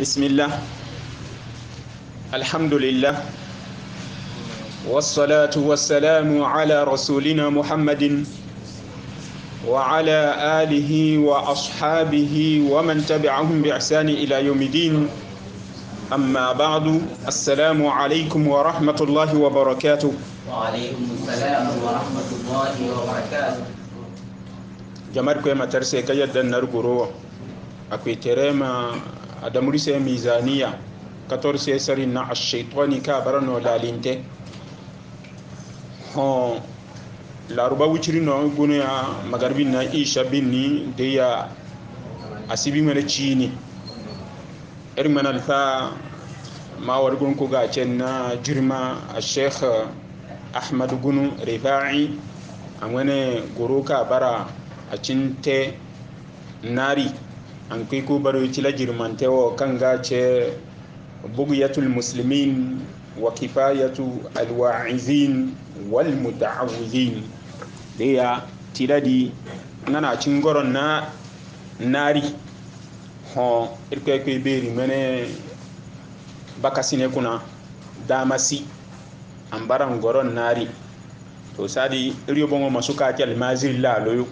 بسم الله الحمد لله والصلاة والسلام على رسولنا محمد وعلى آله وأصحابه ومن تبعهم بإحسان إلى يوم الدين أما بعد السلام عليكم ورحمة الله وبركاته وعليكم السلام ورحمة الله وبركاته جمعكم مترسي كيدا نرقروا أكوي تريما adamuri sɛ mizaniya 14 sari na ashaitani ka bara no lalinte hon laruba wuciri no gunu ya magarbi na isha binni de ya asibi mene chini er mena alfa ma war gun ko ga cen jirma sheikh ahmad gunu rifa'i amene guru bara a nari an kai ko baro ci la girmantewa kan gace bugiyatul muslimin wa kifayatu alwa'izin wal muta'awwizin deya tiradi nana cingoron na nari hon irkwe kwe beri mene bakasine kuna damasi an baran goron nari to sadi iriyo bongo masuka kake almazir la loyo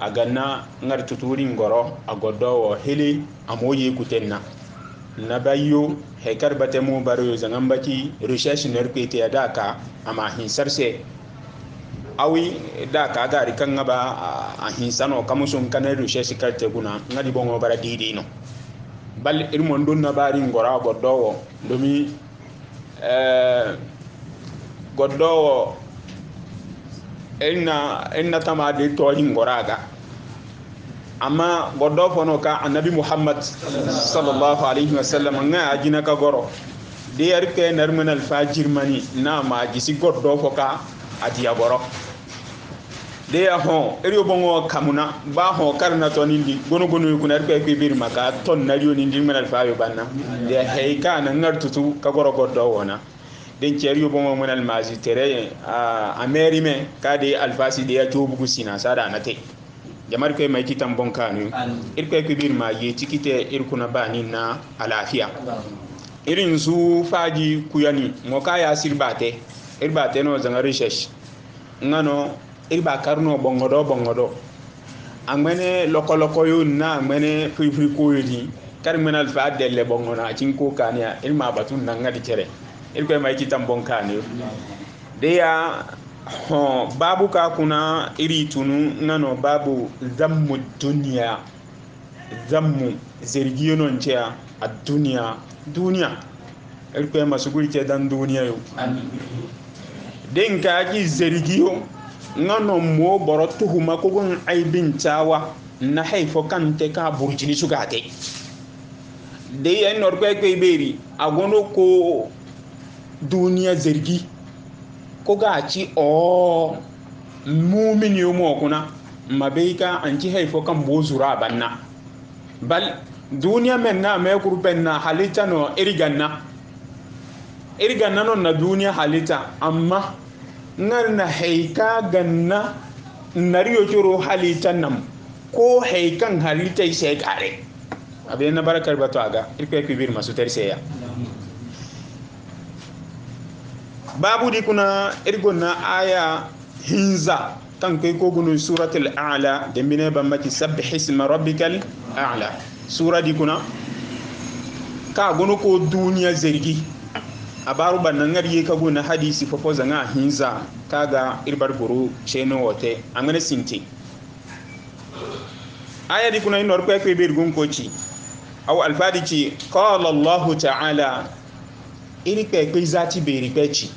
aganna ngar tuturi ngoro agodowo hili amoyi kutenna nabayo hekar batemu baro yo zangan baki recherche ner ko kwete daka ama hin sarse awi daka gari kan ngaba a hin hinsano kamusun kana recherche te guna ngadi bongo bara didi no bal irmon don na bari ngora wo domi eh goddo enna enna tama de toñi amma goddo fono ka annabi muhammad sallallahu alaihi wasallam nga ajina ka goro de yarke narmin alfajir mani na ma gisi goddo fo ka adiya goro de ya ho eriyo bongo kamuna ba ho karna to nindi gono gono kuna yarke ke bir maka ton nariyo nindi min alfayo banna de heika na ngartutu ka goro goddo wona den cɛri yo bɔmɔ mɛn alimasi tɛrɛ ye a mɛri mɛ k'a de alifasi de ya to sina sada da na te jamari ko e mai kitan bon kanu irko ko e bir ma ye tikite irko na bani na alafiya irin su faji kuyani mo ka ya sirbate irbate no zanga research ngano irba karno bongodo bongodo angbene lokoloko yo na angbene free free ko yi kar men alfa delle bongona cin ko kania irma batun nan ngadi tere irkwe mai kitan bonka ne da ya ho babu ka kuna iri tunu nano babu zammu duniya zammu zargi non ce a duniya duniya irkwe masu gurke dan duniya yau den ka ki zargi yau nano mo boro tuhuma kogon aibin tawa na haifo kan te ka burjini suka te da yi yan norkwai kwai beri a gono ko duniya zargi ko ga ci o mumin yo mo kuna mabeka an ci haifo kan bozura banna bal duniya men na me kurben na halitta no iriganna iriganna non na duniya halitta amma ngar na haika ganna nariyo coro halitta nam ko haikan halitta sai kare abin na barakar batu aga irkai kubir masu tarsiya babu di kuna na aya hinza kan kai ko gunu suratul a'la da mine ban maki sabbih isma rabbikal a'la sura di kuna ka gunu ko duniya zargi a baru ban nan gari ka gunu hadisi fofo zanga hinza kaga irbar guru sheno wote amene sinti aya di kuna inor ko bir gun ko ci aw alfadi ci qala allah ta'ala iri pe zati be rikeci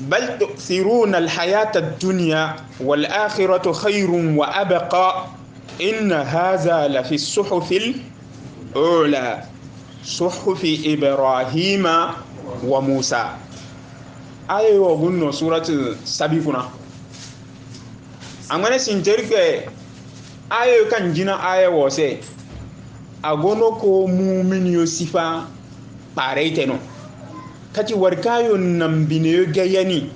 بل تؤثرون الحياة الدنيا والآخرة خير وأبقى إن هذا لفي الصحف الأولى صحف إبراهيم وموسى آية وغنى سورة سبيفنا أمانا سنترك آية كان جنا آية وسي أغنوكو مؤمن يوسفا باريتنو kati warkayo nambineyo gayani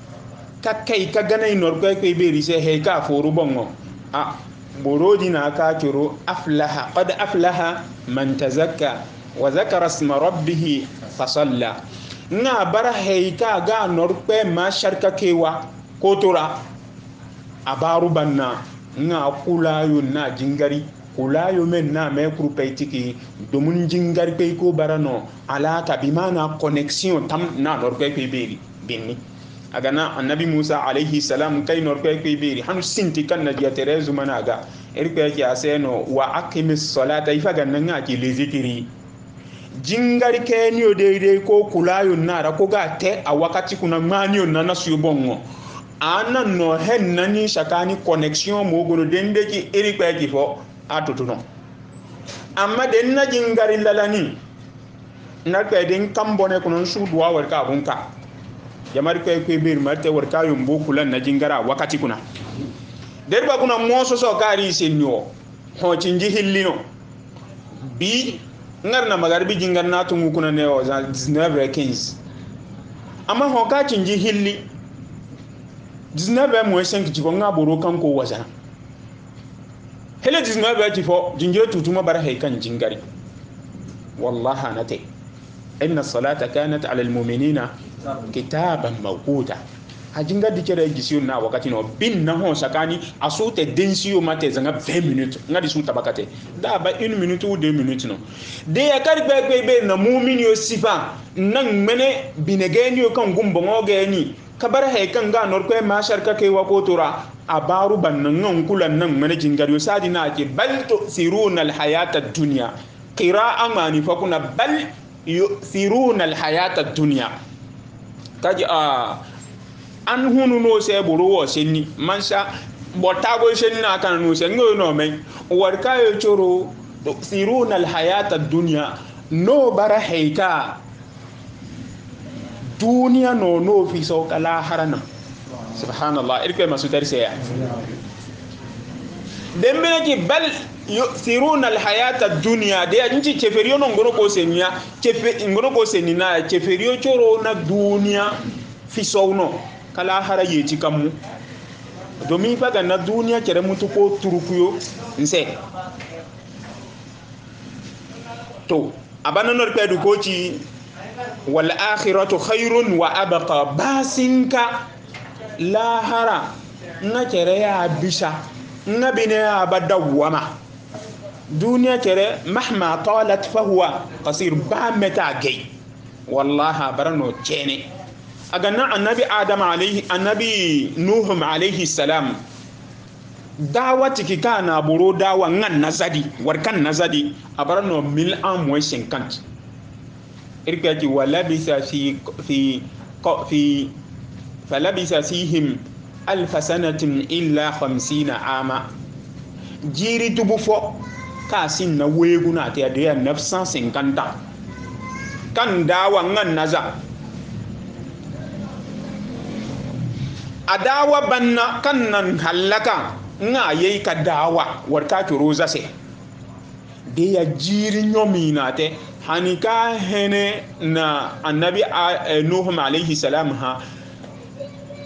ka kai ka ganai norkwai kai be rise he ka foru bongo a borodi na ka kiro aflaha qad aflaha man tazakka wa zakara isma rabbih fa salla na bara he ka ga norkwai ma sharka kewa kotura abaru banna na kula yun na jingari ula yomen na me groupe itiki domun jingar pe ko barano ala ka bimana connexion tam na lor pe pe beri binni agana annabi musa alayhi salam kay nor pe pe beri hanu sinti kan na dia terezu managa erpe ki aseno wa aqimis salata ifa ganna ngaki le zikiri jingari ke ni o deidei ko kulayo nara ko ga te a wakati kuna ngani o nana suyo bongo ana no hen nani shakani connexion mo gono dende ki iri kwe ki fo atutuno amma den na jingari lalani na kai kan kambone kunon su duwa war ka bunka kai kai bir marte war ka yumbu na jingara wakati kuna der ba kuna moso so kari senyo ho cinji hillino bi ngar na magarbi jingar na tungu kuna ne o 19 15 amma ho ka cinji hilli 19 mo 5 jibon bor'o kan ko wasana. hele disnoy ba ci fo jinje tutuma bara hay kan jingari wallahi anate inna salata kanat ala almu'minina kitaban mawquta hajinga dikere gisiyo na wakati no bin na ho sakani asute densiyo mate zanga 20 minutes ngadi suta bakate da ba 1 minute ou 2 minutes no de ya kari gbe gbe be na mu'min yo sifa nan mene binegeni yo kan gumbo ngogeni kabara hay kan ga norko e mashar ka kai wa kotura abaru bannangan kulan nan mana jingar yo na ke bal tusiruna alhayata dunya qira'a mani fa kuna bal yusiruna alhayata dunya kaji a an hunu no se buru wo senni mansa botago senni na kan no se ngoy no men warka yo choro tusiruna alhayata dunya no bara heita duniya no no fi sauka lahara nan subhanallah irko ma sutari seya ki bal yu'thiruna alhayata ad-dunya de nchi cheferio no ngoro ko senya chefe ngoro ko senina cheferio choro na dunya fi kala hara yeti kamu domin faga na duniya kere mutu ko turukuyo nse to abana nor pedu ko ci wal akhiratu khairun wa abqa basinka lahara na kere ya bisa na bine ya badawwama duniya kere mahma talat fahuwa kasir ba meta gai wallaha barano kene a ganin annabi adam alaihi annabi nuhum alaihi salam dawa tiki ka na buro dawa ngan nazadi warkan nazadi a barano mil an moishin kanki irka ki wala bisa fi fi فلبث فيهم ألف سنة إلا خمسين عاما جيري تبوفو كاسين نويغونا تيادية نفسا سنكانتا كان داوا نغن نزا أداوا بنا كان نهلكا nga yei ka dawa warka ki roza se de ya jiri nyomina te hani ka hene na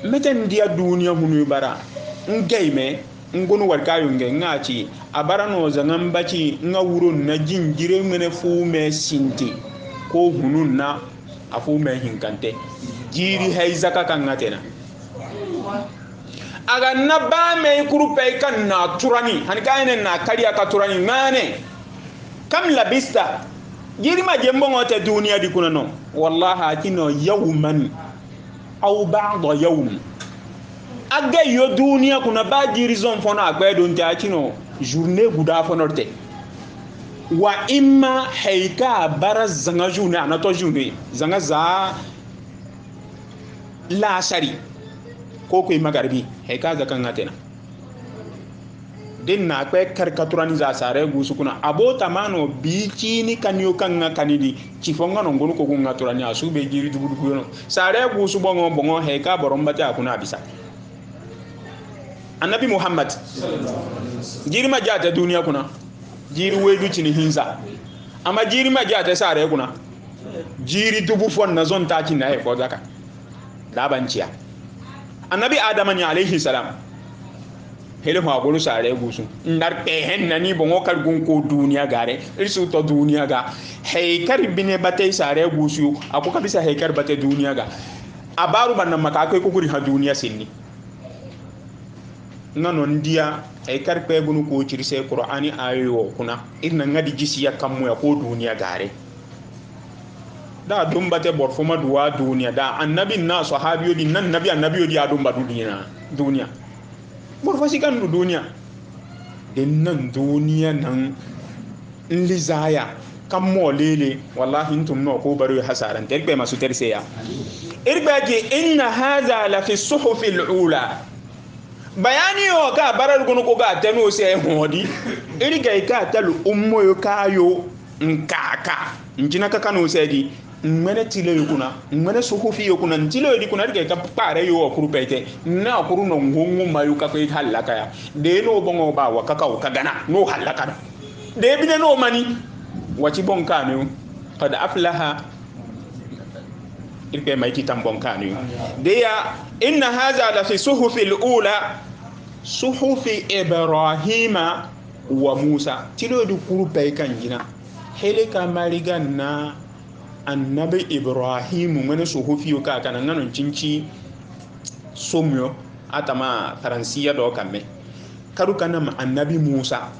mete ndiya duniya hunu bara ngeime ngonu warkayo nge ngachi abara no zanga mbachi nga wuro na jinjire mene fume sinti ko hunu na afume hinkante jiri haizaka kangatena aga na me bame kurupe kan na turani hanikane na kariya ka turani mane kam labista jiri ma jembo ngote duniya dikuna no wallahi no yawman aw ba'da yawm agge yo duniya kuna ba jirizon fona agbe don ta kino journée guda fonorte wa imma haika bara zanga june anato june zanga za la shari ko kuyi magarbi haika zakan na. den na kwe karikaturani za gusu kuna abota mano bichi ni kanyo kanga kanidi chifonga no ngolo ko asu be jiri dubu sare gusu bongo bongo he boromba ta kuna bisa annabi muhammad jiri ma jata kuna jiri wedu chini hinza ama jiri ma sare kuna jiri dubu fon na zon ta na he zaka laban ciya annabi adam ni alaihi hele ho agolu sare gusu ndar pe hen nani bongo kar gun ko duniya gare irsu to duniya ga hey kar bine bate sare gusu ako kabisa hey kar bate duniya ga abaru banna maka ko kuguri ha duniya sinni nano ndiya ay kar pe gunu ko cirise qur'ani ayo kuna idna e ngadi jisiya kammu ya ko duniya gare da dumba te bor fuma duwa duniya da annabi na sahabiyo din nan nabi annabiyo di adumba duniya duniya murfasikan da duniya nan duniya nan in lizaya kan mo lele wallahi intum no ko bari hasaran terbe masu terse ya irbaji inna hadha la fi suhuf al ula bayani o ka barar gunu ko ga tanu se hodi irga ka talu ummo yo kayo nkaka njina kaka no se di ŋmɛnɛ tile yi kunna ŋmɛnɛ sohofi yi kunna ntile yi kunna de ka kpaare yo wa kuru n'a kuru no ŋgongo ma yi ka ko i ka de n'o bɔngɔ ba wa ka ka o ka gana n'o halakara de bi ne n'o mani wati bɔn kaanu kad aflaha irke mai kitan bɔn kaanu de ya inna haza la fi suhufi al-ula suhufi ibrahima wa musa tile yi kuru pɛɛ kan jina hele ka marigan na annabi ibrahim wani sohofi ka kana ngano cinci somyo atama faransiya do kamme karu kana ma annabi musa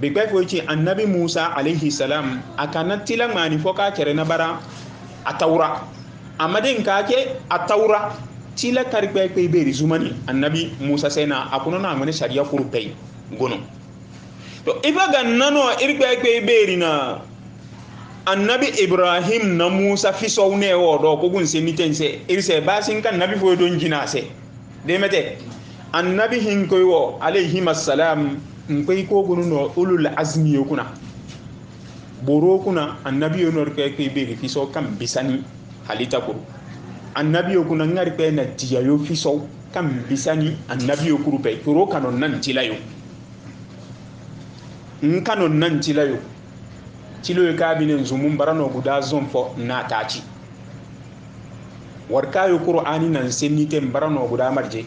be gbe fo ci annabi musa alaihi salam akana tila mani fo ka kere na bara atawra amadin ka ke atawra tila kari gbe gbe be rizumani annabi musa sena akuno na mani sharia kuru pei gono to ibaga nano irgbe gbe be rina annabi ibrahim na musa fisow ne wo e do ko gun sen niten se irse basin kan nabi fo don jina se de mete annabi hin ko wo alayhi assalam in ko ko gunu no ulul azmi kuna boro kuna annabi yonor ke ke be fiso kan bisani halita ko annabi kuna ngar pe na tiya yo fiso kan bisani annabi yo kuru pe toro kanon nan tilayo in nan tilayo ciloyo kabinen zumun barano guda zon fo na taci warkayo qur'ani nan senniten barano guda marje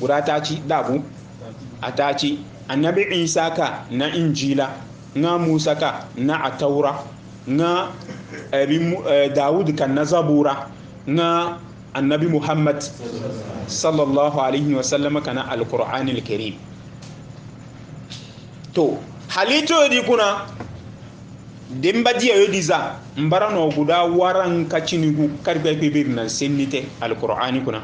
guda taci dabu a taci annabi isa ka na injila na musa ka na ataura na eh, eh, dawud kan na zabura na annabi muhammad sallallahu alaihi wasallam kana alqur'anil karim to halito di kuna denbaji ayo diza mbara no guda waran kacinigu karbe kibir na sennite alqur'ani kuna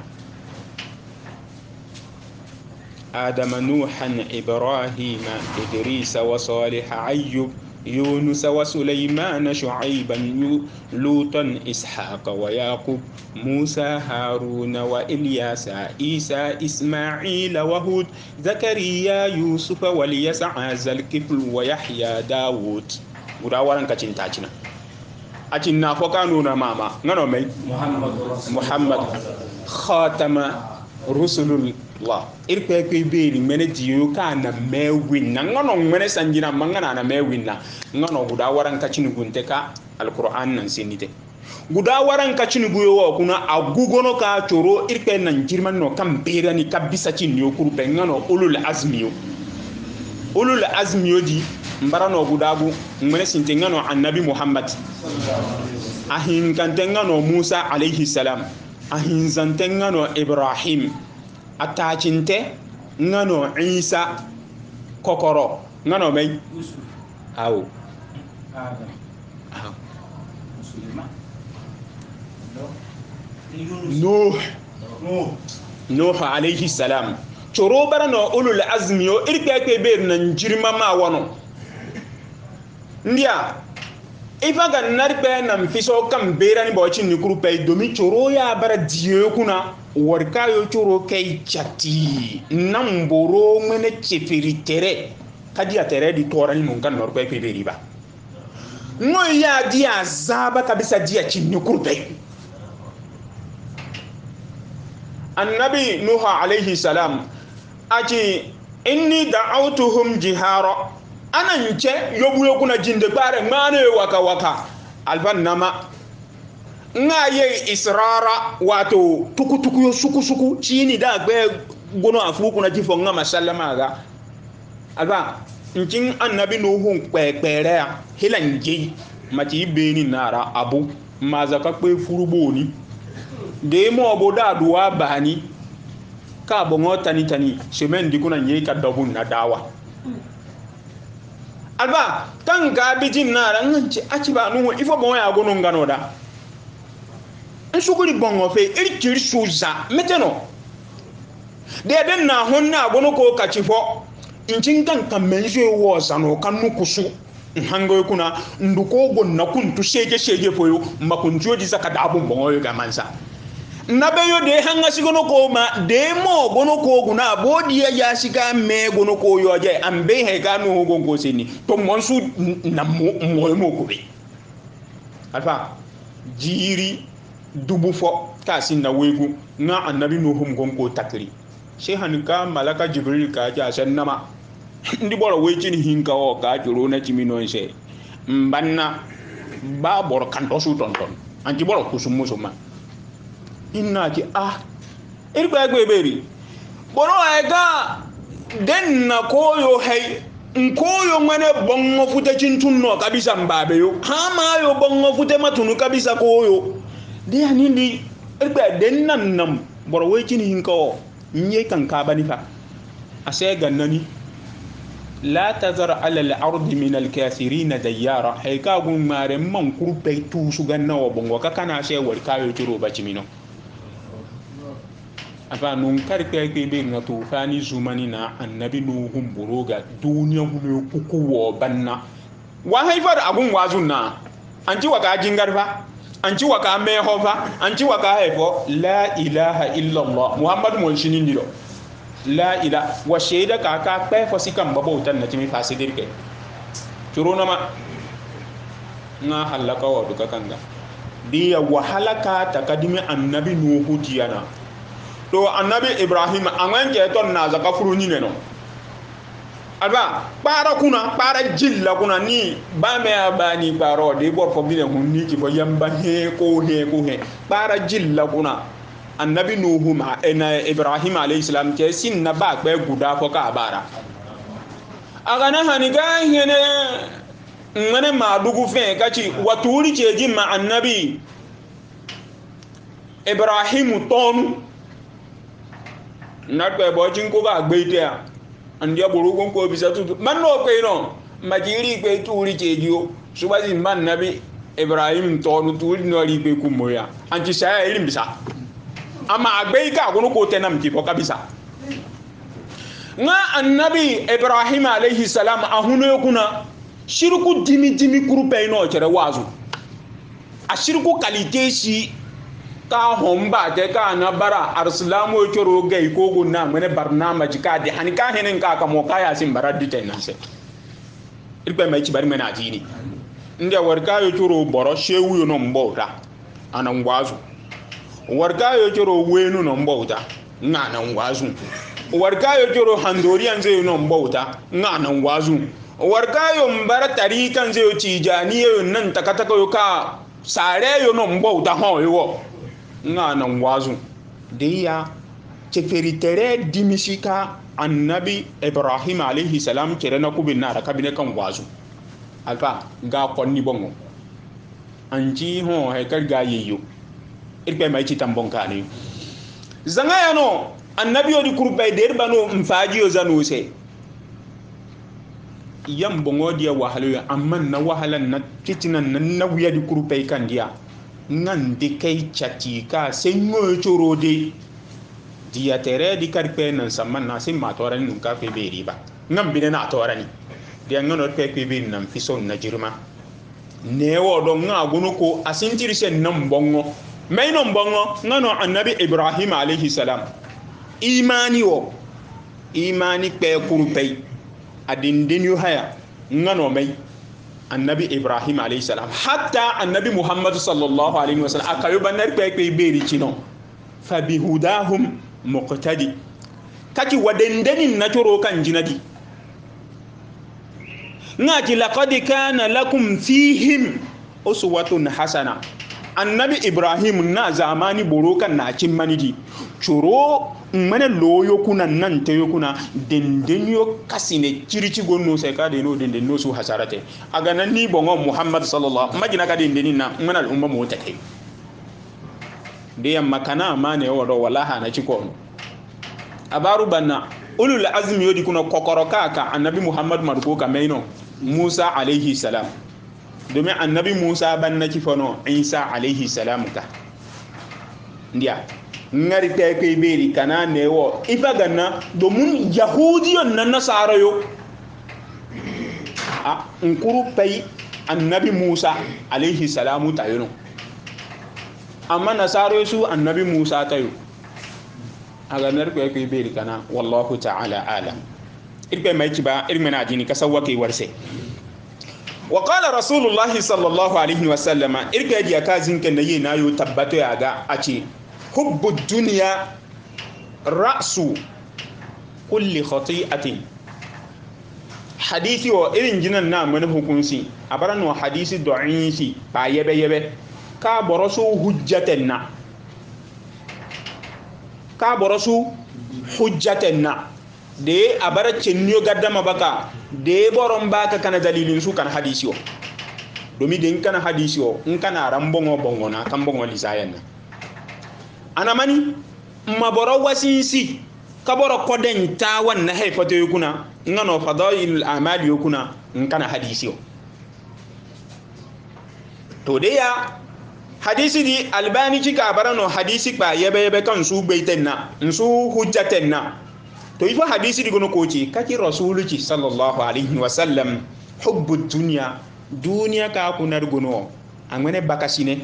آدم نوحا إبراهيم إدريس وصالح أيوب يونس وسليمان شعيبا لوطا إسحاق ويعقوب موسى هارون وإلياس عيسى إسماعيل وهود زكريا يوسف واليسع ذا الكفل ويحيى داود guda waran ka cin tacina a cin na ka nuna mama ngano mai muhammad khatama rusulullah irpe ko beeri mene jiyo ka na me winna ngano mene sanjina mangana na me winna ngano guda waran ka cin gunte ka alquran nan sinite guda waran ka cini buyo wa kuna a ka coro irpe nan jirman no kan bera ni ka kurbe ngano ulul azmiyo ulul azmiyo di mbara no gudagu ngmene sintenga no annabi muhammad ahin kantenga no musa alayhi salam ahin zantenga no ibrahim atachinte ngano isa kokoro ngano mai awo nuh nuh alayhi salam coro bara no ulul azmi yo irkeke be nan jirma ma wono ndị a ife ga narikpe na mfiso kan bera ni bawacin ni kurpe domin coro ya bara diye kuna warka yo coro kai chati nan boro mene chefiri tere kadi a tere di tora ni mun kan norpe peberi ba no ya di azaba kabisa di a cin ni annabi nuha alaihi salam aji inni da'autuhum jihara ana yuce yobuyo kuna jinde bare ngane waka waka alban nama nga ye israra wato tuku tuku yo suku suku chini da gbe gono afu kuna jifo nga masallama ga aga nkin annabi nuhun kpekpere ya hilan mati beni nara abu mazaka pe furuboni de mo bo duwa bani ka bo ngota tani semen dikuna nyeka dabun na dawa alba kan ka bijin na ran nan ci aci ba nuhu ifo bon ya gonun gano da in su guri bon ofe irkir suza meteno de den na hon na gonu ko kaci fo in cin kan kan menje wo sano kan nuku su in hango kuna nduko gonna kun tu shege shege foyo makunjoji zaka da abun bon oyo ga mansa nabeyo de hanga sigono ko ma de mo gono ko guna bodi ya ya shika me gono ko yo je ambe he ga no go go sini to monsu na mo mo ko be alfa jiri dubu fo ka sin na wegu na annabi no hum gon ko takri shehan ka malaka jibril ka ja san nama ndi boro weji ni hinka o ka juro na jimino nse mbanna ba boro kan to su tonton anti boro kusumuso ma ina ki ah irka gbe beri bono ga den na koyo hai in koyo ngane bongo fute cintunno kabisa mbabe yo hama yo bongo fute matunu kabisa koyo de anindi irka den nan nam boro wai kini hinko nye kan ka bani fa ase gannani la tazar ala al-ardi min al-kathirina dayyara hay ka gun mare man kurpe tu su ganna wa bongo ka kana se wal kayo turo bacimino afa nun karikpe kpe be nga to fani zumani na annabi nuhun buroga duniya hume kuku wo banna wa haifar agun wazun na an ci waka jingar fa an ci waka meho fa an ci waka haifo la ilaha illallah muhammadu mun shini ndiro la ila wa shaida ka ka kpe fo sikam babo tan na timi fasidir ke curuna ma nga halaka wa duka kanga diya wahala ka takadimi annabi nuhu diyana do annabi ibrahim anwen ke ton na zaka furu ni no alba kpara kuna kpara jilla kuna ni ba me ba ni kparo de bo fo bi ne hun ni ki fo yamba he ko he ko he kpara jilla kuna annabi nuhu ma ena eh, ibrahim alayhi salam ke sin na ba gbe guda fo ka bara aga na hani ga hene ngane ma dugu fe kachi waturi cheji ma annabi ibrahim tonu natkwe bochin ko ga gbeite a andiya burugun ko bisa tutu man no kwe no majiri kwe turi chejiyo subazi man nabi ibrahim tonu turi no ri kwe kumoya anti saya irin bisa amma agbeika kunu ko tenam ti ko kabisa nga annabi ibrahim alayhi salam ahuno kuna shirku dimi dimi kurupe no chere wazu a shirku kalite si. ka hon ba ke ka na bara arsilamu coro gai ko gunna mene barnamaji ka di hani ka hinin ka ka mo ka ya sin bara dite na se irpe mai ci bari mene atini ndi warka yo coro boro shewu no mbota ana ngwazu warka yo coro wenu no mbota nga na ngwazu warka yo coro handori anze no mbota nga na ngwazu warka yo mbara tarika anze yo cijani yo nan takataka yo ka sare yo no mbota ho yo ngana wazu diya ceferitere dimisi ka annabi ibrahim alayhi salam cerena kuɓe nara kabine kan wazu alfa ga konni bongo anci ho he kar ga yeyyo irpe mai ci tan bonkani zanga yano annabi odi kurbay der bano mfaji yo zanu se yam bongo dia wahalo amman na wahalan na fitinan na nawiya di kurbay kan dia ngan de kai chati ka sengo choro de dia tere di karpe nan samman na sin matora ni nunka fe be riba ngam bine na tora ni dia ngano pe pe be nan fiso na jirma ne wo do nga gunu ko asintiri sen nan bongo mai nan bongo ngano annabi ibrahim alaihi salam imani wo imani pe kurpe adindin yu haya ngano mai النبي إبراهيم عليه السلام حتى النبي محمد صلى الله عليه وسلم أكايو بنر بيك بي بيري تينو فبهداهم مقتدي كاكي ودندن النجرو كان جندي ناكي لقد كان لكم فيهم أسوة حسنة annabi ibrahim na zamani boro kan na kin maniji curo mana loyo kuna nan ta yo kuna dindin yo kasi ne kirci gonno sai ka deno dindin no su hasarate aga nan ni bongo muhammad sallallahu magina ka dindin na mana al'umma mu ta kai de yamma kana ma ne wado walaha na ci ko abaru banna ulul azmi yodi kuna kokoro ka ka annabi muhammad marko ka maino musa alaihi salam domin annabi musa ban na kifono isa alaihi salamu ta ndiya ngari ta kai beri kana ne wo ifa ganna domin yahudiyon nan nasara yo a nkuru pai annabi musa alaihi salamu ta yi amma nasara su annabi musa ta yi a ganar kai kai beri kana wallahu ta'ala ala irkai mai kiba irmina jini ka warse wa qala rasulullahi sallallahu alaihi wa sallama irka diya kazin kan da yana yo tabbato ya ga a ce hubbu duniya ra'su kulli khati'atin hadisi wa irin jinan na mani hukunsi a baran wa hadisi do'insi ba yabe yabe ka boro su hujjaten na ka boro su hujjaten na de abara chenniyo gaddama baka de boron baka kana dalilin su kan hadisi o domi de kana hadisi o in kana ran bongo bongo na kan bongo lisayan na anamani maboro wasinsi kaboro koden ta wannan haifato yukuna ngano fadailul amali yukuna in kana hadisi o to de ya hadisi di albani cika barano hadisi ba yebe yebe kan su baiten su hujjaten to ifo hadisi digono koci kaki rasulu ci sallallahu alaihi wasallam hubbu dunya duniya ka kunar gono an bakasine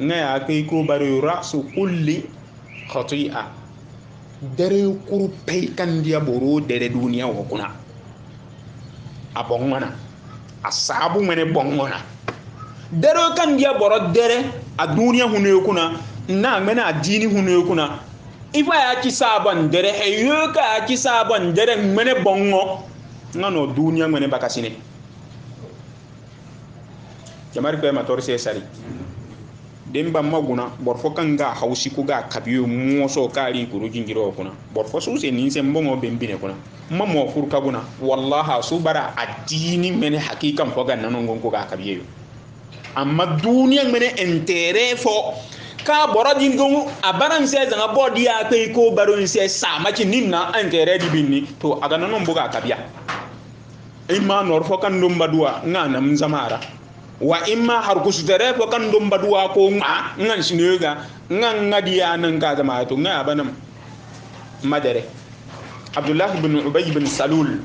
na ya kai ko bari rasu kulli khati'a dare kurpai kan dia boro dare duniya wa kuna a bongona mene bongona dare kan dia boro dare a duniya hunu kuna na mene adini dini hunu kuna ifa ya ci saban dere e yoka ya ci saban dere mene bongo nono duniya mene bakasine jamari ko ma torse sari dem bam maguna bor fo kanga hausi ko ga kabiyo moso kali ko ro jingiro kuna bor fo suse ni sem bongo bembine kuna ma mo fur kaguna wallahi subara adini mene hakikam ko ga nanon gonko ga kabiyo amma duniya mene intere fo ka bɔrɔ din ko a bara n sɛ zanga bɔ di ya kpe ko baro n sɛ sa maci nim na an kɛrɛ di binni to a kana nɔn bɔ k'a kabiya i e ma nɔr fɔ kan don baduwa n ka na n zamara wa i e ma harkusu tɛrɛ fɔ kan don baduwa ko n n ka sini ka n ka n ka di ya nan ka zama to n ka a bana ma dɛrɛ abdullahi bin ubay bin salul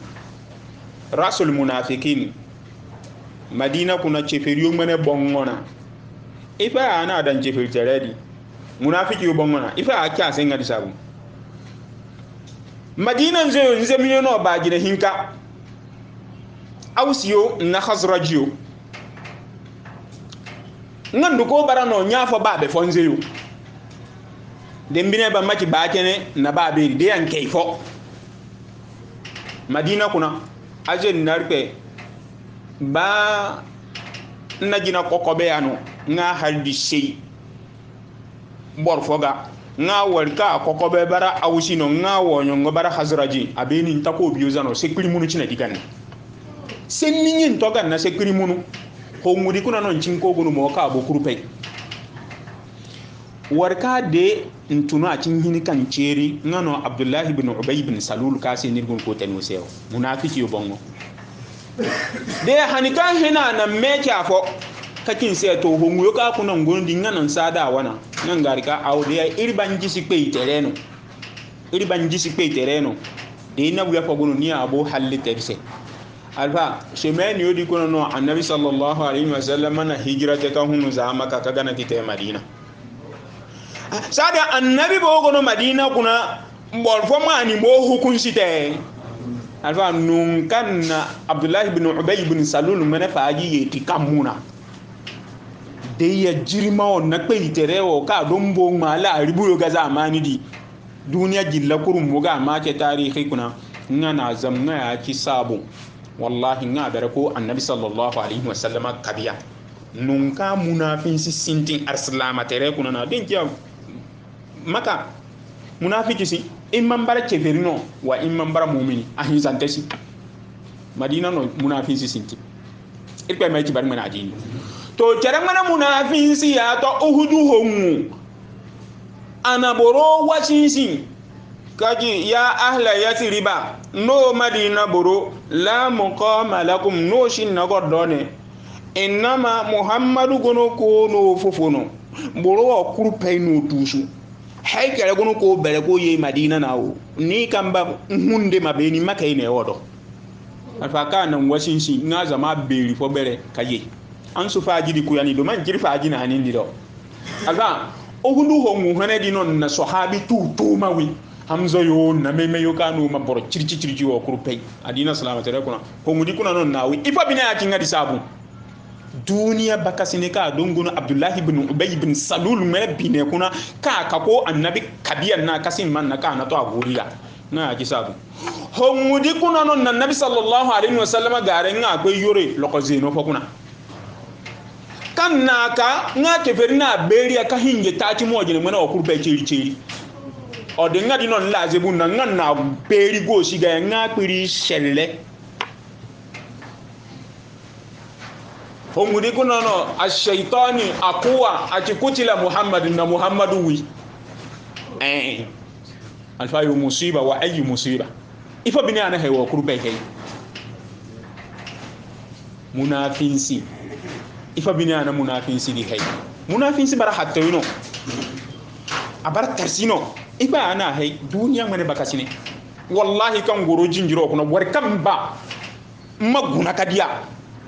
rasul munafikin madina kuna ceferiyo ŋmɛnɛ bɔn ŋɔna ife a na dan ce filtere di munafiki ubon mana ife a kya sai ngadi sabu madinan zai nze miyo no ba gina hinka awsiyo na khazrajiyo nan duko bara no nyafa ba be fonzeyo den bine ba maki ba kene na ba be de yan kaifo madina kuna aje narpe ba na jina kokobe yanu nga hardi sei bor foga nga wal ka ko be bara awusino nga wonyo ngo bara hazraji abeni ntako biuzano sekuri munu china digane sen ninyin to ganna sekuri munu ho ngudi kuna non chinko gunu mo ka bo kurupe warka de ntuna cin hini kan ceri ngano abdullahi ibn ubay ibn salul ka se nirgun ko tan museo munafiki yo de hanika hina na meke afo kakin se to hongu yoka kuna kuna ngondi nan sada wana nan garika awde irban jisi pe terreno irban jisi pe terreno de na buya ko gunu ni abu halli tebse alfa shemeni yodi kuna no annabi sallallahu alaihi wasallam na hijrata ka hunu za maka ka gana kite madina ah, sada annabi bo gono madina kuna mbolfo mani bo hukun site alfa nun kan abdullahi ibn ubay ibn salul mana faji yeti kamuna da ya jirma wannan kwai tere o ka don bon mala a ribuyo ga zamani di duniya gilla kurun mu ga ma ke tarihi kuna nga na zamna ya ki walahi wallahi nga dare ko annabi sallallahu alaihi wasallam kabiya nun ka munafin si sintin kuna na din kiya maka munafiki si in man bara keferino wa in man bara mumini a hinzante si madina no munafin si sintin irkwe mai kibar mana adini to kyerɛ ŋmana munafin si yaatɔ uhudu hongu anaboro wachinsin kaji ya ahla yatiriba no madina boro la muqama malakum no shinna goddone innama muhammadu gono ko no fofono boro wa kurpai no tusu hay kere gono ko bere ko ye madina na o ni kamba hunde mabeni makai ne wodo alfa kana wachinsin na zama beri fo bere kaye an su faji di kuyani do man jiri faji na hanin dido alba o hundu ho ngu hane di non na sahabi tu tu mawi hamza yo na me me yo kanu ma boro circi circi wo kurpei adina salamata re kuna ho ngudi kuna non nawi ifa bina ya kinga di sabu duniya baka sini ka don abdullahi bin ubay bin salul mere bine kuna ka ka ko annabi kabiyan na kasin man na ka na to a na ya kisa du hongudi kuna non na nabi sallallahu alaihi wasallam garen akwai yore lokozeno fa kuna kan naka ka nga keferi na beri ka hinje tati mo jene mena okuru be cheri cheri o nga dinon la zebu na nga na beri go si ga nga piri shelle hongudi kuna no ashaitani akuwa akikutila muhammad na muhammadu wi eh alfa yu musiba wa ayi musiba ifa bini ana hewa okuru be hei munafinsi ifa binana munafin sidi hay munafin sibara hatta yino abara tarsino iba ana hay duniya mane bakasine wallahi kan goro jinjiro kuna war kan ba maguna kadiya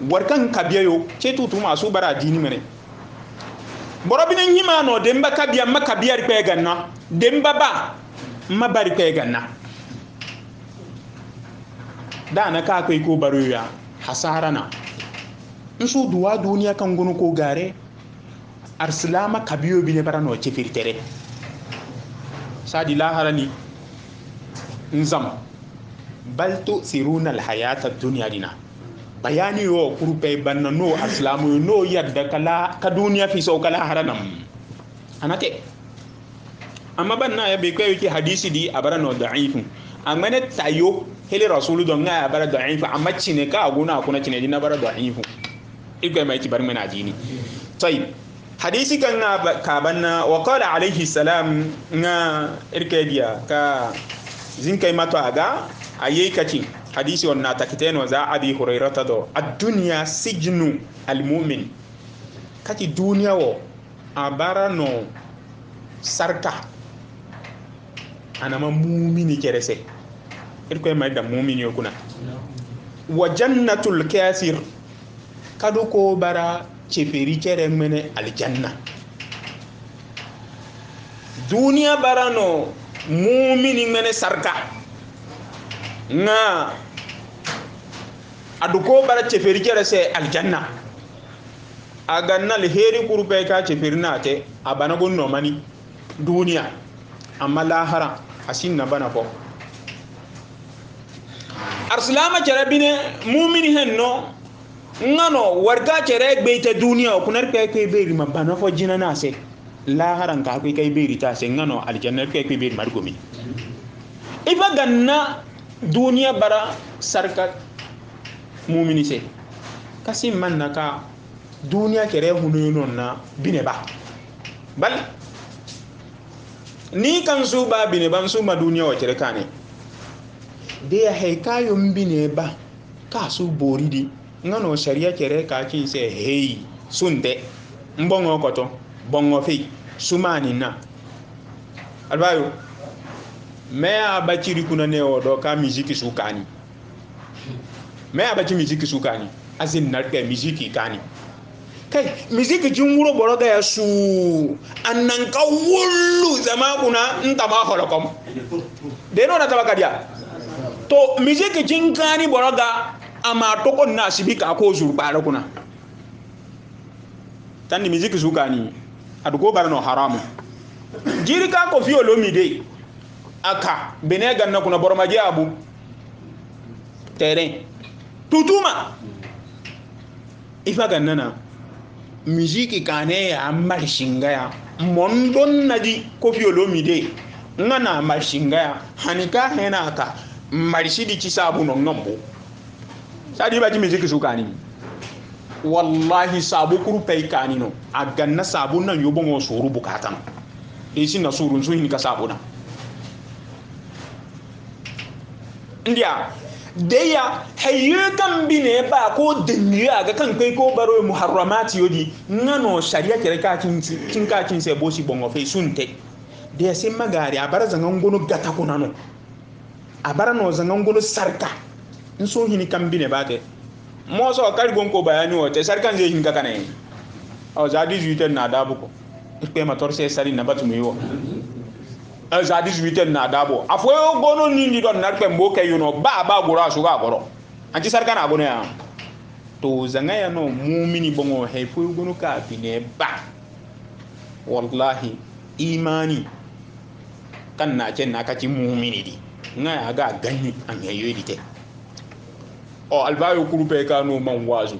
war kan kabiya yo ce tutu masu bara dini mane borobina nyima no demba kabiya makabiya ri pe demba ba mabari pe dana ka kai ko baro ya hasarana n duwa duniya kan gunu ko gare arsilama kabiyo bine bara no cefiritere sadi laharani nzam zama bal tusiruna alhayata dunya dina bayani yo kurupe banna no arsilamu no yadda kala ka duniya fi sau kala haranam anate amma banna ya be kwayo ki hadisi di abara no da'ifun amane tayo hele rasulu don ga abara da'ifu amma cine ka aguna kuna cine dina abara da'ifu igwe mai kibar mena jini tayyib hadisi kan na kabanna wa qala alayhi salam na irkediya ka zinkai mato aga ayi kaci hadisi wannan takitain wa za abi hurairata do ad-dunya sijnu al-mu'min kati duniya wo abara no sarka anama mumini kerese irko mai da mumini yo kuna wa jannatul kafir kado ko bara cefericere mene aljanna duniya barano mumini mene sarka, nga adu ko bara cefericere se aljanna a gannal heri kurbe ka cefirina te a banagon nomani duniya amma lahara a sinna bana fo arsilama cerabine mumini hen no nano warga cere gbeite duniya kunar kai kai beri ma bana fo jina na se laharan ka kai kai beri ta se nano aljanna kai kai beri margumi ifa ganna duniya bara sarka mumini se kasi man na ka duniya kere hunu non na bine ba bal ni kan su ba bine ban su ma duniya wa kere kane de ya hekayo mbine ba ka su boridi di nga na sharia kere ka ake ise hei sunte mbongo koto bongo fei sumani na albayo me a baciri kuna ne odo ka miziki sukani me a baci miziki sukani azin narka miziki kani kai miziki jin wuro boro ga ya su annan ka wullu zama kuna ntama ma holokom de no na tabaka dia to miziki jin kani boro ga amma tokon na shi bika ko zuru bare kuna tan ni miziki zuka ni adugo bare no haramu jiri ka ko fi olomi de aka bene ganna kuna borma je abu tere tutuma ifa ganna na miziki kane ya marshinga ya mondon naji ko fi olomi de ngana marshinga ya hanika hena aka marshidi ci sabu non non sadi ba jimi jiki suka ni wallahi sabu kurpe kani no a ganna sabu nan yobo mo suru bukatan e sin na surun sun hin sabu na india deya hayye kan bi ba ko dinniya ga kan kai ko baro e muharramati yodi ngano sharia kere ka kin kin ka kin sai bosi bongo fe sunte de sai magari a bar zangan gono gata kunano a bar no zangan gono sarka nso hini kambine bate moso kari gonko bayani wote sari kan je hini kakana yi aw za 18 na adabu ko ikpe ma torse sari na batu muyo aw za 18 na adabu afo yo gono ni ni don narpe mbo kay yuno ba ba goro asu ga goro anti sari kana gono ya to zanga ya no mumini bongo he fo yo gono ka bine ba wallahi imani kan na ce na kaci mumini di nga ya ga ganni an yayo di te Oh, alifa ye kuru bɛɛ ka n'o man waazu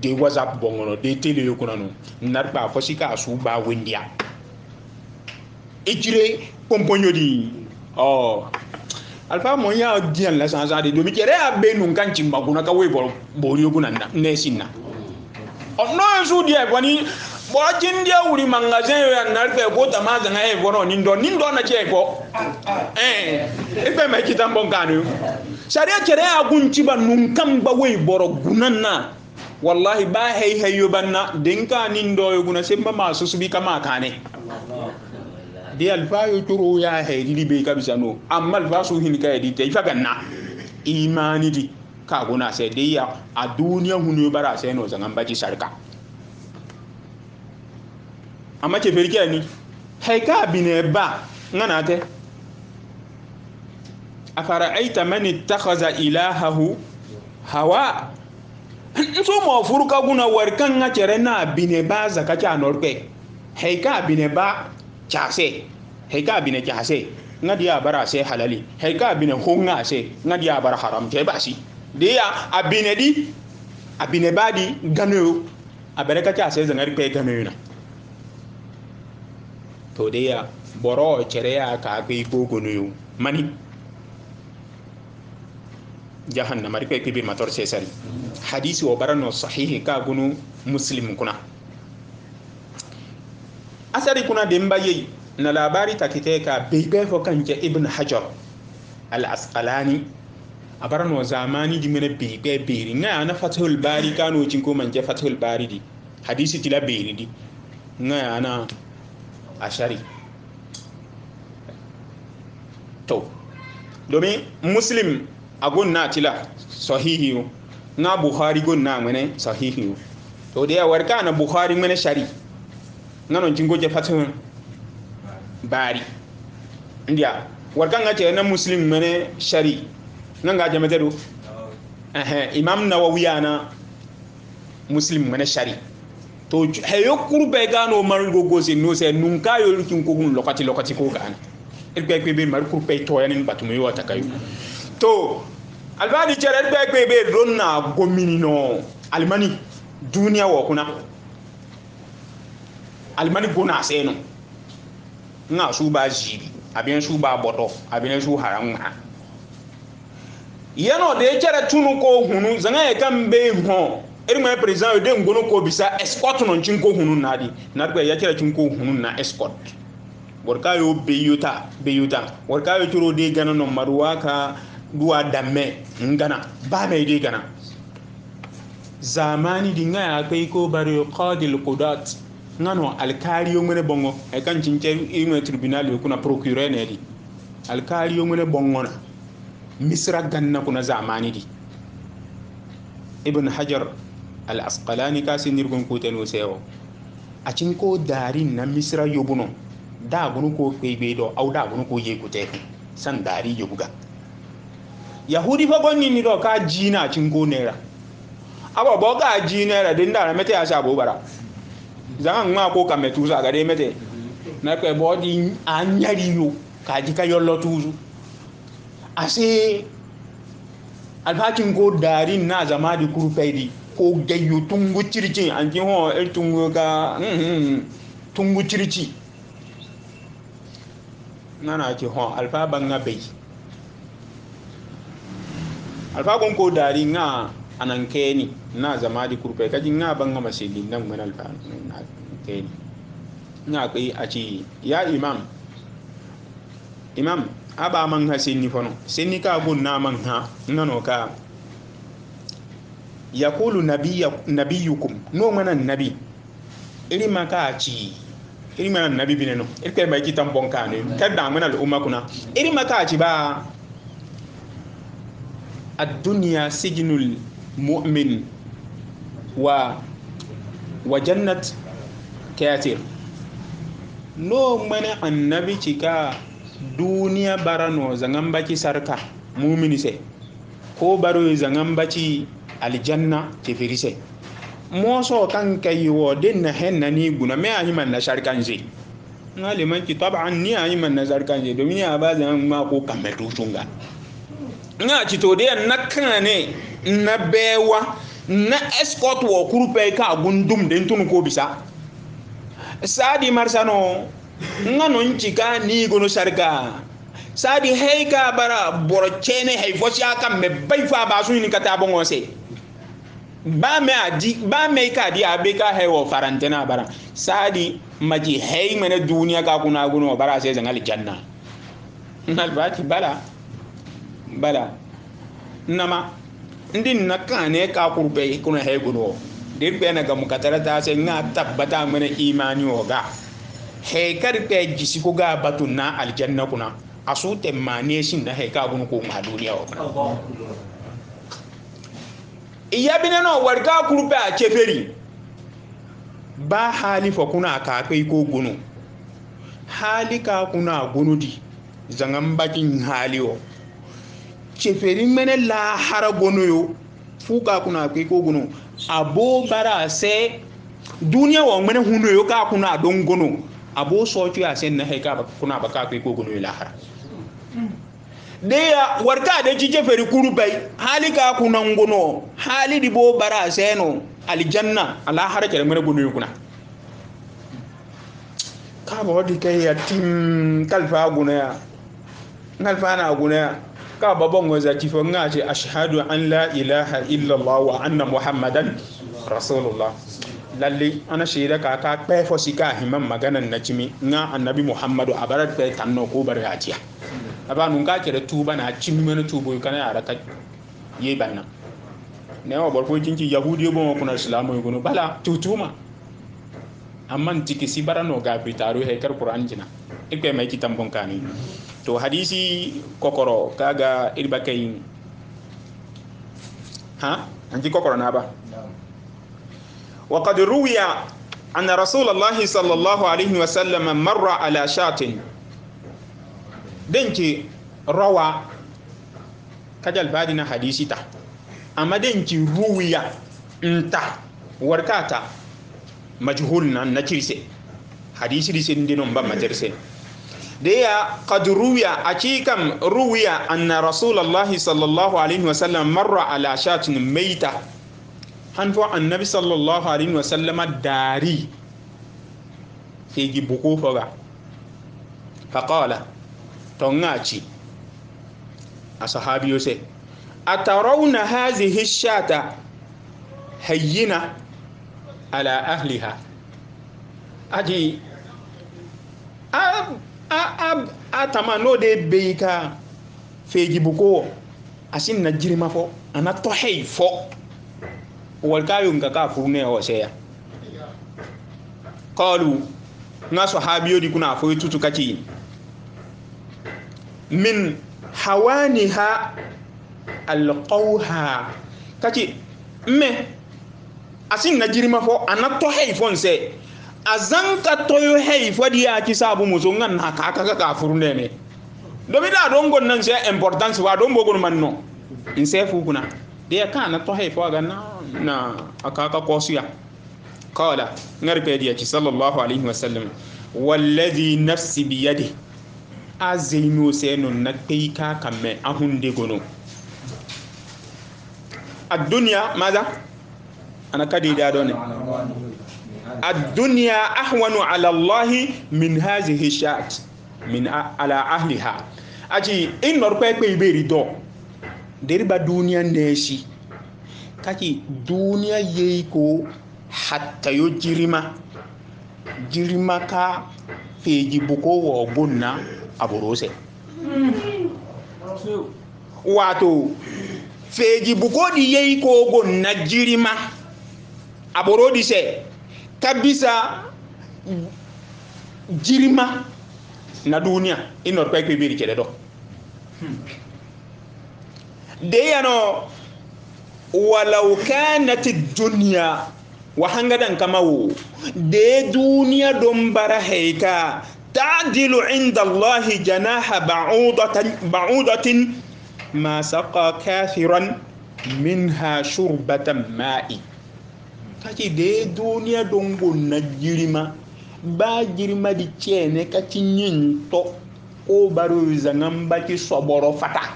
de whatsapp bɔ de tele ye kunna no nari kpa fɔ si su ba wendiya i e jire pɔnpɔnyo di Oh, alifa mɔ y'a diyan la san san de domi jɛrɛ y'a bɛ nun kan ci magunna ka wo bɔ bori ye kunna na ɔ oh, n'o ye su diya kɔni. bon a jindiya magasin yo ya nari fɛ ko tama zanga e kɔrɔ ni ndo ni ndo na je kɔ eh e pe me kita bon kanu sharia kere agun chiba nun kam ba wo boro gunanna wallahi ba hei hei yo banna den ka nin yo guna semba ma susu bi kama kane di alfa yo turu ya hei di be ka bisano amma alfa su hin ka di te ifa ganna imani di ka guna sai dai ya a duniya hunu bara sai no zangan baji sarka amma kèfèrí kẹ́ ni haika bin ẹ̀bá nánà tẹ́ afara aita mani takhaza ilahahu hawa nso ma furuka guna warkan nga kere na bin ẹ̀bá zakati anorpe haika bin ẹ̀bá kyase haika bin kyase nga diya bara se halali haika bin honga se nga diya bara haram ke basi abine abinedi abinebadi ganoyo abaraka kyase zangar pe ganoyo na to de ya boro cereya ka kai gogono yo mani jahannama ri kai kibir mator sesari hadisi wa barano sahihi ka gunu muslim kuna asari kuna demba yei na labari takite ka beibe fo kanje ibn hajar al asqalani a barano zamani di mena beibe beri nga na fathul bari kanu cinko manje fathul bari di hadisi tila beri di nga na ashari to domin muslim a gonna tila sahihi na buhari gonna mene sahihi to da yawar ka na buhari mene shari nanon cin goje fatihin bari ndiya warkan ga ce na muslim mene shari nan ga jama'a do imam nawawi na muslim mene shari to heyo kurbe gano margo gosi no se nun kayo lukin ko gun lokati lokati ko gana irbe kwe be mar kurbe to yanin batume yo takayo to albani chere irbe kwe be ronna gomini no almani duniya wo kuna almani gona no nga su ba jibi abin su ba boto abin su haram ha yano de ya tunu ko hunu zanga ya kan be ho irin mai president idan gono ko bisa escort non cin ko hunun na di na ko ya kira cin ko hunun na escort warka yo beyuta beyuta warka yo turo de gana non maruwa ka duwa damme ngana ba mai de gana zamani di nga ya kai ko bari qadil qudat ngano alkari yo ngene bongo e kan cin ce irin tribunal yo kuna procureur ne di alkali yo ngene bongo na misra ganna kuna zamani di ibn hajar al-asqalani ka sinir gon ko tenu sewo a cin ko darin na misra yobuno da gunu ko pegbe do au da gunu ko ye ko te san dari yobuga yahudi fa bonni ni do ka jina cin ko nera abo bo ka jina ra din da mete asa bo bara zan ma ko ka metu sa ga de mete na ko bo di anyari yo ka ji ka yollo tuzu ase alfakin ko darin na zama di kogeyu tungu chirichi anji ho el tungu ga mm, mm, tungu chirichi nana ci ho alfa banga be alfa gon ko dari nga anan na zama kurpe kaji nga banga masili nan men alfa na keni nga kai a ci ya imam imam aba man ha sinni fono sinni ka gun na man ha nano ka yakulu nabiyukum no mana nabi iri maka ci iri mana nabi bine no iri kai mai kitan k'a ne kai da mana al'umma kuna iri maka ci ba a duniya sijnul mu'min wa wa jannat kafir no mana annabi k'a duniya barano zangan baki sarka mumini se ko baro zangan baki aljanna teferise moso kan kai wo den na hen na ni guna me anyi man na sharkan je na le man ki taban ni anyi man na sharkan je domin ya ba zan ma ko kametu sunga na ci to de na kane na bewa na escort wo kurupe ka gundum den tun ko bisa sadi marsano ngano nchika ni gono sharka sadi heika bara boro chene hay fosi aka me bai fa ba su ni kata bongo se ba me adi ba me ka di abe ka he wo farantena bara sadi maji hey mena duniya ka kuna guno bara sai zangal janna nal bati bala bala nama ndin na kane ka kurbe kuna he guno dir be na ga mukatara ta sai na tabbata mena imani wo ga he kar be jisi ko ga batun aljanna kuna asu mane shin na he ka guno ko ma duniya wo iyabine no warga kurupe a cheferi ba hali fo kuna ka kai ko gunu hali ka kuna gunu di zangan bakin hali o ceferi mene la hara gunu yo fu ka kuna kai ko gunu abo bara se duniya wa mene hunu yo ka kuna don gunu abo so ya sen na heka kuna ba ka kai ko gunu lahara deya warta de cije kuru bai hali ka kuna nguno hali di bo bara seno aljanna ala harke mana gunu kuna ka ba wadi kai ya tim kalfa guna ya kalfa na guna ya ka ba bon fo nga ngaje ashhadu an la ilaha illa allah wa anna muhammadan rasulullah lalle ana shaida ka ka kai fo sika himan maganan na cimi nga annabi muhammadu abarat kai tanno ko bar ya ciya aba nun ka kere tuba na chimi mena tubu kana ara ka ye banna ne wa bor ko jinki yahudi bon ko na islamu yugo bala tutuma amman tiki si barano ga bitaru he kar qur'an jina e ikwe mai kitam bon kani to hadisi kokoro kaga irba kai ha anji kokoro na ba وقد روي أن رسول الله صلى الله عليه وسلم مر على شاة denki rawa kajal badi na hadisita amma denki ruwiya nta warkata majhul na na kirse hadisi disin dinon ba majirse da ya qad ruwiya akikam ruwiya anna rasulullahi sallallahu alaihi wasallam marra ala shatin maita hanfo annabi sallallahu alaihi wasallam dari ke buku foga faqala tongachi asahabi yose atarawna hadhihi shata hayyina ala ahliha aji ab ab atama n'o de beika feji buko asin na jirima fo ana tohei fo fɔ wali k'a y'o nka k'a furu ne wa sɛya kɔɔlu n ka sɔhabiyo di kunna a tutu ka min hawaniha alqawha kaci me asin na jirima fo ana to hay fon se azan ka to yo hay fo di ya ci sabu muso ngan na ka ka ka furu ne ne do mi da don gon nan se importance wa don bogon man no in se fu kuna de ya kana to hay ga na na aka ka ko suya qala ngar pe di ya ci sallallahu alaihi wasallam والذي نفسي بيده a zeino seno na kai ka kamme a hunde gono a duniya maza ana kadi da doni a duniya ahwanu ala allahi min hazihi shat min ala ahliha aji in norpe pe iberi do deri ba duniya ne shi kaki duniya yayi ko hatta jirima jirima ka feji buko wa gunna aborose wato feji bukodi yeyi kogo najirima aborodi se kabisa jirima na dunia inor kwai kwe biri kede do deyano walau kanat dunia wa hangadan de dunia don bara heika تعدل عند الله جناح بعوضة, بعوضة ما سقى كافرا منها شربة ماء kati de duniya don na jirima ba jirima di cene kati yin to ko baro zangan baki soboro fata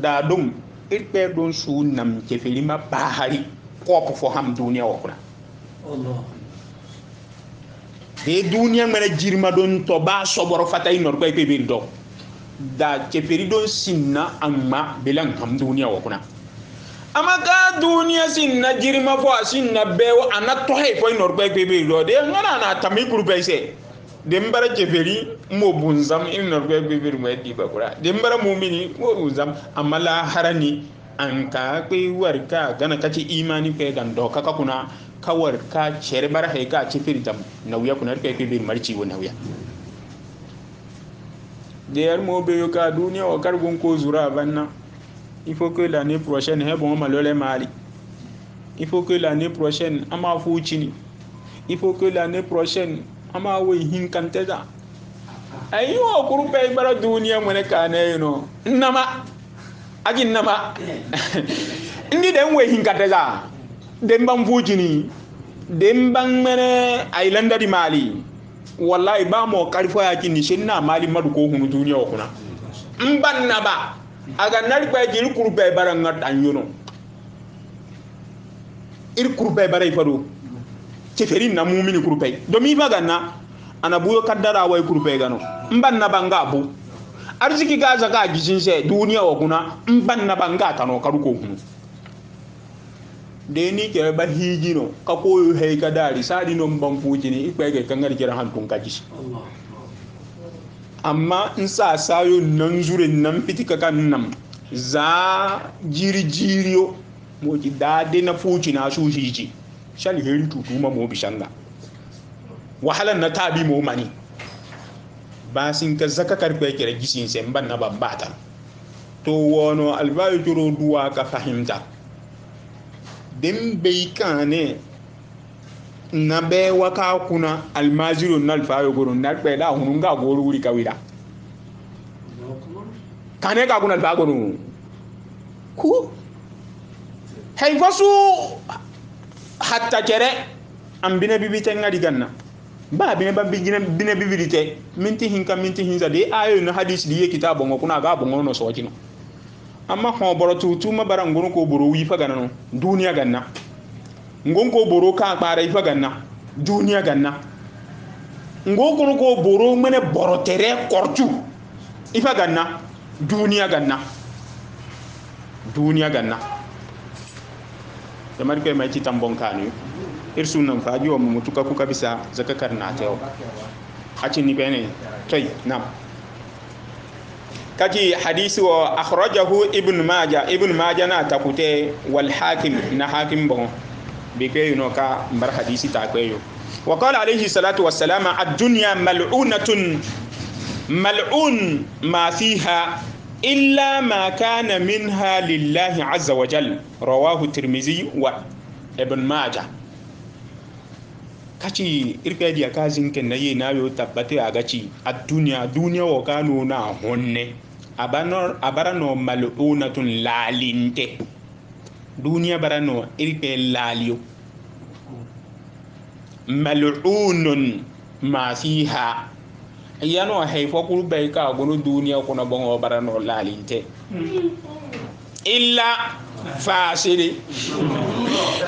da don irpe don su nam kefelima bahari ko fo ham duniya wakuna de duniɲa ŋmɛnɛ jirimadon tɔ b'a sɔbɔrɔ fata i nɔrɔkɔ i pe beri da cɛperi don sinna a ŋma bela ŋam duniɲa wa kuna ama ka duniɲa sinna jirima fɔ a sinna bɛɛ wo a na tɔhe fɔ i nɔrɔkɔ i pe beri de ŋana na tami kurupɛ sɛ de n bara cɛperi n m'o bunzam i nɔrɔkɔ i pe beri mɛ di bakura de n bara mumini n m'o bunzam a ma lahara ni an ka kpe wari ka gana ka imani kɛ gan dɔ ka ka kuna kawar ka chere mara he ka chifiri tam nawiya kunar ka ke bir marci won nawiya der mo be yo ka duniya wa kar ko zura banna il faut que l'année prochaine he bon ma lole mali il faut que l'année prochaine ama fu chini il faut que l'année prochaine ama we hin kanteza ayi wo kurupe ibara duniya mo ne ka ne no nama aji nama ndi de we hin kanteza demban fujini demban mene ailanda di mali wallahi ba mo karfa ya kini shin mali madu ko hunu duniya wa kuna in na ba aga nari kwa jiri kurbe baran ngar yuno ir kurbe barai fado ce ferin na mumini kurbe domin ba ganna ana buyo kaddara wai kurbe gano in ban na ban ga bu arziki gaza ga gijin sai duniya wa kuna in na ban ga tano hunu deni kere ba hijino ka koyo hay ka dari sadi no ban fujini ikwe ke kangar kira hantun kaji amma in sa sayo nan zure nan fitika kan nan za jiri jiriyo mo ki dade na fuci na su hiji shal heri tutu ma mo bishanga wahalan na tabi mo mani basin ka zaka karfe kira gisin sen ban na babbata to wono albayo juro duwa ka fahimta din bai kane na be waka kuna almajiru nal fayo gurun nal be da hunun ga goru wuri kawida kane ga kuna alfa gurun ku haifasu hatta kere an bine bibiten ngadi ganna ba bine ba bine bibirite minti hinka minti hinza de ayo na hadis kita bongo kuna ga bongo no sokino amma ko boro tutu ma bara ngun ko boro wi fa ganano duniya ganna ngun ko boro ka kpara ifa ganna duniya ganna ngun ko ko boro mene boro tere kortu ifa ganna duniya ganna duniya ganna da ko e mai ci tambon kanu irsu nan faji wa mu mutuka ku kabisa zaka karna ta yau a cin ni bene kai na. kaki hadisi wa akhrajahu ibn maja ibn maja na takute wal hakim na hakim bon bi kwe no ka mbar hadisi ta kwe yo wa qala alayhi salatu wassalam ad-dunya mal'unatun mal'un ma fiha illa ma kana minha lillahi azza wa jal rawahu tirmizi wa ibn maja kaci irka diya kazin ken na yi na yo tabbata wa kano na honne a bara no mal'unatun laalinte duniya bara no iri pe laaliyo mal'unun ma fiha yano haifo fo kuru bay ka gono duniya kono bongo bara no laalinte illa fasiri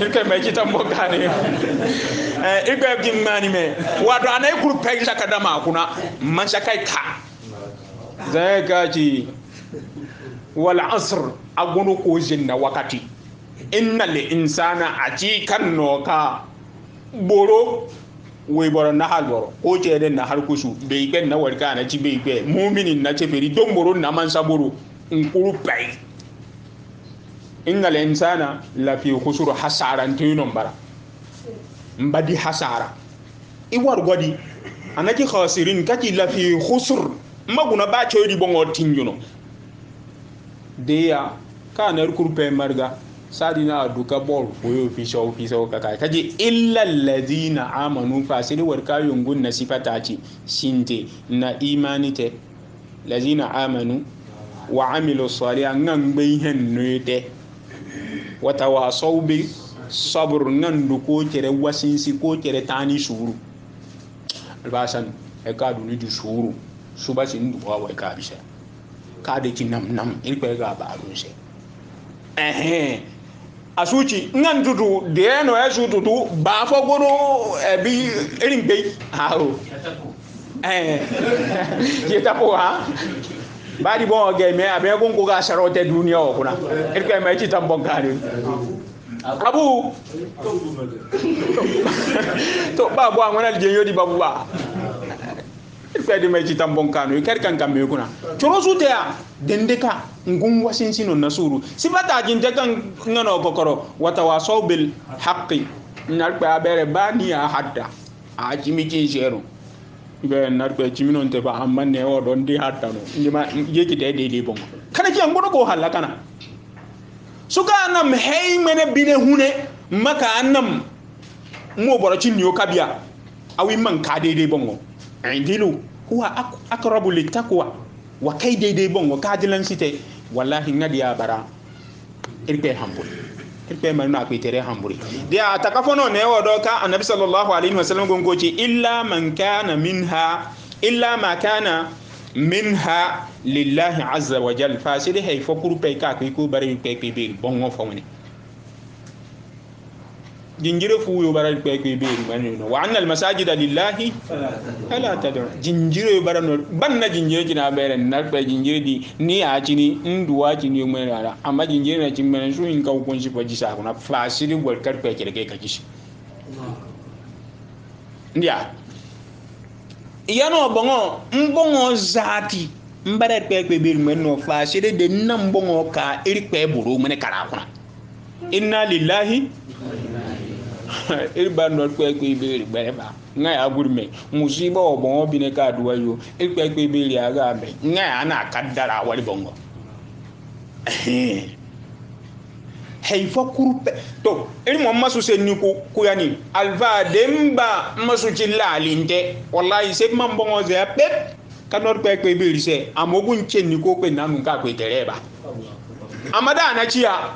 irke mai kita mboka ne eh igwe gimani me wato anai kuru pay saka kuna man saka ka zai gaji wal asr agunu kojin na wakati inna li insana a cikan noka boro wai boro na hal boro ko ce den na har kusu bai ben na warka na ci bai gbe muminin na ce feri don boro na man saboro in kuru bai inna li insana la fi khusur hasaran tunon bara mbadi hasara iwar godi anaki khasirin kaki la fi khusur maguna ba ce yodi bongo tinjuno deya ka na rukuru pe marga sadi na duka bol foyo fisa ofisa o kaka kaje illa alladhina amanu fa sai war ka yungun na sifata ce sinte na imanite lazina amanu wa amilu salihan ngan gbe hen noyete wata wasau bi sabr ngan du ko kere wasinsi ko kere tani suru albasan e ka du ni du suru subasi ka awe ka de ti nam nam il pe ga ba ruse eh eh asuci ngan tutu de no e su tutu ba fo gono e bi erin gbe awo eh ye tapo ha ba bari bon ge me abe gon ko ga sarote duniya o kuna il pe me ci tambon kare abu to babu àwọn alje yo di babu ba fɛdi mai citan bon kanu kar kan kan mai kuna coro su ta dendeka ngun wasin sino nasuru sibata jin ta kan ngano kokoro wata watawa bil haqqi nar ba bere ba ni a hadda a jimi kin shero ibe nar ba jimi non te ba amma ne o don di hadda no ndima yeki te dede bon kana ki ngodo ko halla kana suka nam hey mene bine hune maka annam mo borocin yo kabiya awi man ka dede bon idilu huwa akrabu litakwa wa kay deydey bongo kaadilansite wallahi ngadi ya bara irkwe hamburi irkwe mari no akwitere hamburi de a ne wo ka annabi sallallahu alaihi wasallam gongo illa man kana minha illa ma kana minha lillahi azza wa jal fasiri hay fo kurpe ka ko bari kwe kwe bongo fo woni jingire fu yo bara pe pe be man no wa annal masajida lillahi fala tad'u jingire yo bara no banna jingire kina bere na pe jingire di ni a chini nduwa chini yo mera amma jingire na chin mena shuin ka ukun shi faji sa kuna fasiri gol kar pe kire kai kakishi ndiya iyano bongo mbongo zati mbara pe pe be man no fasiri de nan ka iri pe buru mene kara kuna inna lillahi iri ba nɔr kpɛ kpɛ beeri gbɛrɛ ba ŋa yaa guri mɛ musiba wa bɔngɔ bine kaa duwa yo iri kpɛ kpɛ beeri yaa gaa mɛ ŋa yaa naa ka dara a wali bɔngɔ haifa kurpe to iri mo masu se ni ko kuyani alfa demba masu ci lalinte wallahi se man bongo ze pep kanor kpɛ kpɛ beeri se amogun ce ni ko kpɛ nanu ka kpɛ tere ba amada anachiya